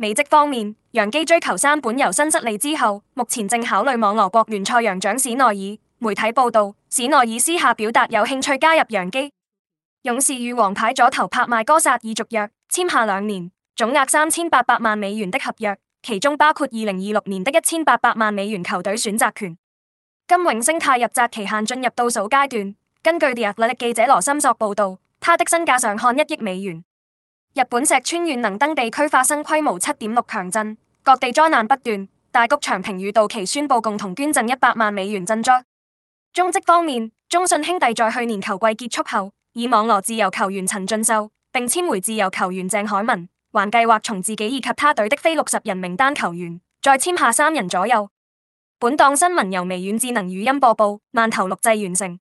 美職方面，洋基追求山本由伸失利之後，目前正考慮網羅國聯賽揚獎史內爾。媒體報道，史內爾私下表達有興趣加入洋基。勇士與王牌左投拍賣哥薩爾續約，約，簽下兩年，總額三千八百萬美元的合約，其中包括二零二六年的一千八百萬美元球隊選擇權。今永昇太入札期限進入倒數階段，根據日力記者羅森索報道，他的身價上看一億美元。日本石川縣能登地區發生規模七點六強震，各地災難不斷。大谷翔平與道奇宣布共同捐贈一百萬美元賑災。中職方面，中信兄弟在去年球季結束後，以網羅自由球員陳俊秀，並簽回自由球員鄭凱文，還計劃從自己以及他隊的非六十人名單球員再簽下三人左右。本檔新聞由微軟智能語音播報，慢投錄製完成。